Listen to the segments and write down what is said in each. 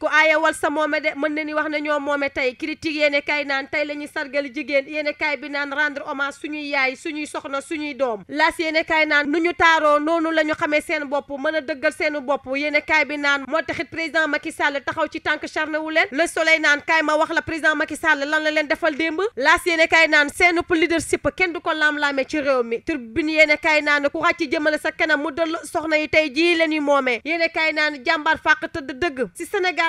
ku aayewal sa moome de mën na ni wax na ñoo moome tey critique yéene kaay naan tey lañuy ñuy sargal jigéen yéene kaay bi naan rendre hommage suñuy yaay suñuy soxna suñuy doom laas yéene kaay naan nu ñu taaroo noonu la ñu xamee seen bopp mën a dëggal seen bopp yéene kaay bi naan moo taxit président Macky Sall taxaw ci tànk charne wu leen le soleil naan kaay ma wax la président Macky Sall lan la leen defal démb laas yéene kaay naan seen leadership kenn du ko laam-laamee réew mi tribune yéene kaay naan ku xàcc jëmale sa kanam mu dal yi tey jii leen ñu moomee yéene kaay naan jàmbaar fàq tëdd dëgg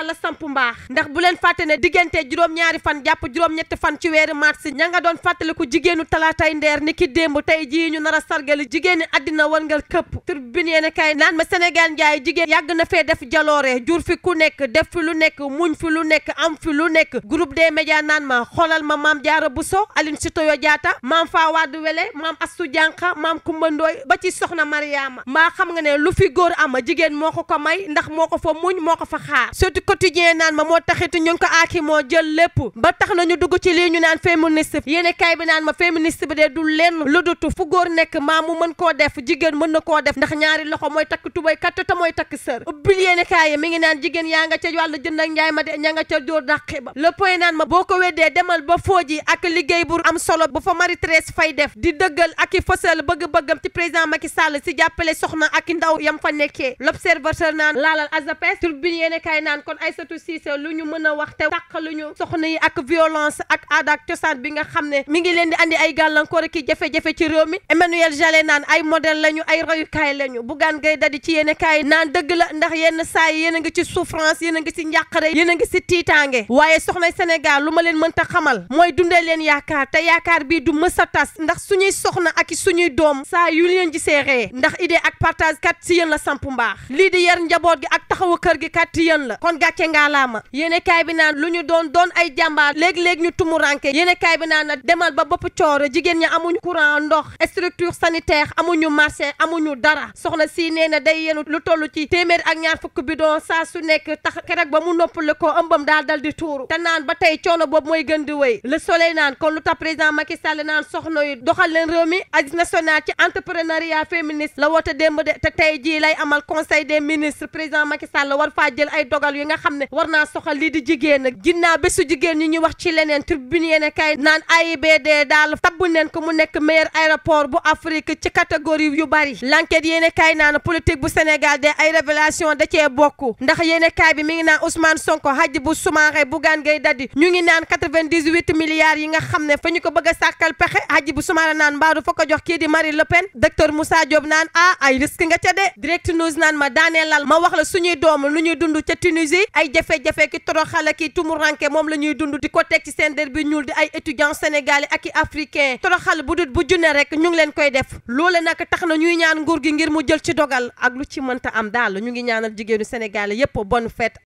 yàlla samp mbaax ndax bu leen fàtte ne diggante juróom-ñaari fan jàpp juróom-ñetti fan ci weeri mars ña nga doon ko jigéenu talaatay ndeer ni ki démb tey jii ñu nar a jigéen ni àddina war ngal këpp turbine yéen kay naan ma Sénégal njaay jigéen yàgg na fee def jaloore jur fi ku nekk def fi lu nekk muñ fi lu nekk am fi lu nekk group des médias naan ma xoolal ma maam jaara buso si Sitoyo Diatta maam Fawade Wele maam Astou jànq maam Kumba Ndoye ba ci soxna Mariama maa xam nga ne lu fi góor ama jigéen moo ko ko may ndax moo quotidien naan ma moo taxitu ñu ngi ko aaki moo jël lépp ba tax nañu dugg ci lii ñu naan féministe yéene kaay bi naan ma féministe bi dee du lenn lu dutu fu góor nekk maa mu mën koo def jigéen mën na koo def ndax ñaari loxo mooy takk tubay katt te mooy takk sër ubbil yéene kaay yi mi ngi naan jigéen yaa nga ca wàll jënd ak njaay ma de ña nga ca dóor dàqi ba le point naan ma boo ko weddee demal ba fooji ak liggéey bu am solo bu fa mari Thérèse fay def di dëggal ak i fësal bëgg-bëggam ci président Macky Sall si jàppale soxna ak i ndaw yam fa nekkee l'observateur naan laalal azapes tur bi Aïssatou Cissé lu ñu mën a wax te tàq lu ñu soxna yi ak violence ak aada ak cosaan bi nga xam ne mi ngi leen di indi ay gàllankoor ki jafe-jafe ci réew mi Emmanuel Jallet naan ay modèle lañu ay royukaay lañu Bougane Gueye Dany ci yéen kaay naan dëgg la ndax yenn saa yi yéen a ngi ci souffrance yéen a ngi ci njàqare yéen a ngi si tiitaange waaye soxna Sénégal lu ma leen mënta xamal mooy dundee leen yaakaar te yaakaar bii du mës a tas ndax suñuy soxna ak suñuy doom saa yu leen gisee ree ndax idée ak partage si yéen la samp lii di yar njaboot gi ak taxawu kër gi kat si la gàcce ngaalaama yéen kaay bi naan lu ñu doon doon ay jàmbaar léeg-léeg ñu tumuranke yéen kaay bi naan demal ba bopp cooro jigéen ñi amuñu courant ndox structure sanitaire amuñu marché amuñu dara soxna si nee na day yenu lu toll ci téeméer ak ñaar fukk bi bidon saa su nekk tax keroog ba mu noppale ko ëmbam daal dal di tuuru te naan ba tey coono boobu mooy gën di wéy le soleil naan kon lu tax président Macky Sall naan soxna yi doxal leen réew mi agence nationale ci la woote démb de te tey jii lay amal conseil des ministres président Macky Sall war faa jël ay dogal yu nga xam ne war naa soxal lii di jigéen ginnaaw bésu jigéen ñi ñuy wax ci leneen tribune yéen kay naan AIBD daal tabbu neen ko mu nekk meilleur aéroport bu Afrique ci catégorie yu bari l'enquête yéen kay naan politique bu Sénégal de ay révélation da cee bokk ndax yéen kay bi mi ngi naan Ousmane Sonko Hadjibou Soumaré Bougane Gueye Dadi ñu ngi naan quatre-vingt-dix-huit milliards yi nga xam ne fa ñu ko bëgg sàkkal pexe bu Soumaré naan mbaa du fa ko jox kii di Marie Le Pen docteur musa Diop naan ah ay risque nga ca de direct news naan ma daanee lal ma wax la suñuy doom lu ñuy dund ca ay jafe-jafe ki toroxala ki tumuranke moom la ñuy dund di ko teg ci seen der bi ñuul di ay étudiants sénégalais ak i africain toroxal bu dut bu junne rek ñu ngi leen koy def loole nag tax na ñuy ñaan nguur gi ngir mu jël ci dogal ak lu ci mënta am daal ñu ngi ñaanal jigéenu sénégalais yépp bon fête